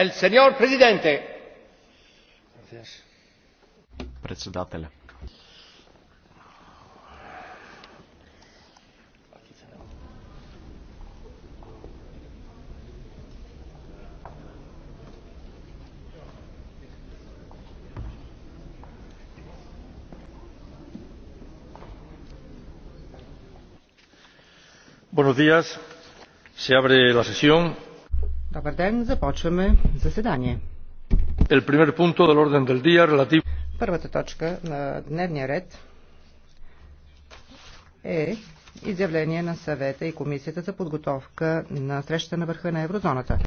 El señor presidente. Председателя. Buenos días. Se abre la sesión Добър ден, започваме заседание. Първата точка на дневния ред е изявление на съвета и комисията за подготовка на срещата на върха на еврозоната.